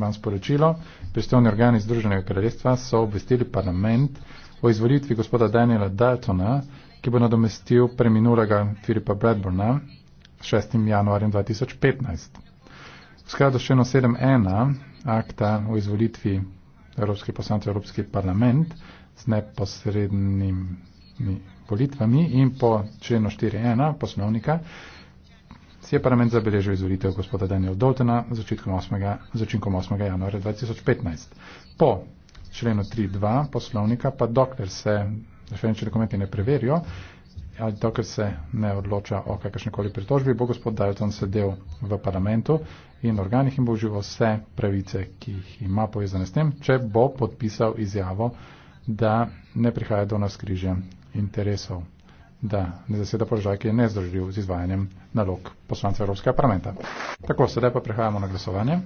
vam sporočilo. Pristovni organi Združenega kraljestva so obvestili parlament o izvolitvi gospoda Daniela Daltona, ki bo nadomestil preminulega Filipa Bradburna 6. januarjem 2015. V skladu s členom 7.1 akta o izvolitvi Evropskih poslancev Evropski parlament z neposrednimi volitvami in po členu 4.1 poslovnika si je parlament zabeležil izvolitev gospoda Daniel Daltona začetkom 8. začetkom 8. januarja 2015. Po členu 3.2 poslovnika pa dokler se referenčni dokumenti ne preverijo, ali dokler se ne odloča o kakršnekoli pritožbi, bo gospod Dalton sedel v parlamentu in organih in bo užival vse pravice, ki jih ima povezane s tem, če bo podpisal izjavo, da ne prihaja do nas križe interesov da ne zaseda položaj, ki je nezdružljiv z izvajanjem nalog poslancev Evropskega parlamenta. Tako, sedaj pa prehajamo na glasovanje.